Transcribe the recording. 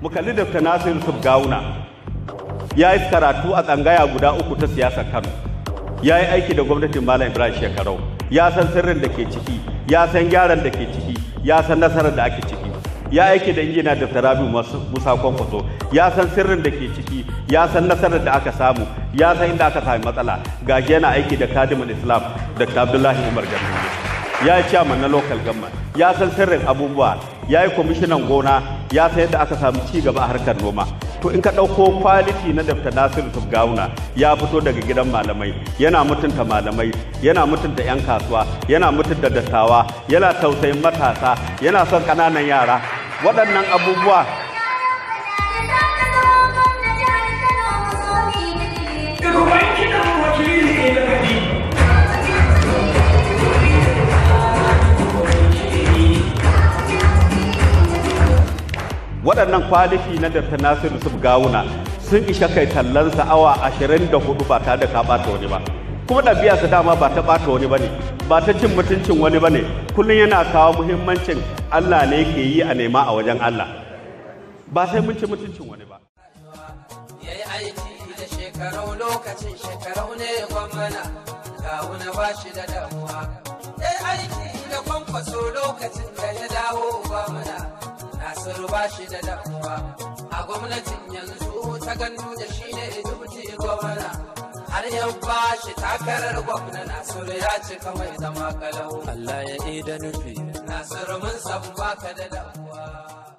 mu kalli dr nasiru gauna ya yi karatu a tsangaya guda uku ta siyasar kano ya yi aiki da gwamnatin malam ibrahim shekarau ya san sirrin da ke ciki ya san gyaran da ke ciki ya san nasarar da ake ciki ya aiki da injina dr rabi musa kwankwaso ya san sirrin da ke ciki ya san nasarar da aka samu ya san inda aka sami matsala ga yana aiki da kadimin islam da abdullahi umar ganduje ya yi chairman na local government ya san sirrin abubuwa ya yi kwamishinan gona ya san yadda aka samu ci gaba a harkar noma to in ka ɗauko kwaliti na dafta Nasiru gawuna ya fito daga gidan malamai yana mutunta malamai yana mutunta 'yan kasuwa yana mutunta dattawa yana tausayin matasa yana son ƙananan yara waɗannan abubuwa waɗannan kwalifi na dr nasir yusuf gawuna sun isha kai tallansa awa 24 ba tare da ka ɓata wani ba kuma ɗabi'a su dama ba ta ɓata wani ba ne ba ta cin mutuncin wani ba ne kullum yana kawo muhimmancin allah ne ke yi a nema a wajen allah ba sai mun ci mutuncin wani ba aiki da shekarau lokacin shekarau ne gwamna gawuna ba shi da damuwa ya aiki da kwankwaso lokacin da ya Umar ba shi da damuwa. A gwamnatin yanzu ta gano da shi ne gwamna. Har yau ba shi takarar gwamna Nasiru ya cika mai zama kalau. Allah ya ida nufi. Nasiru mun san baka da damuwa.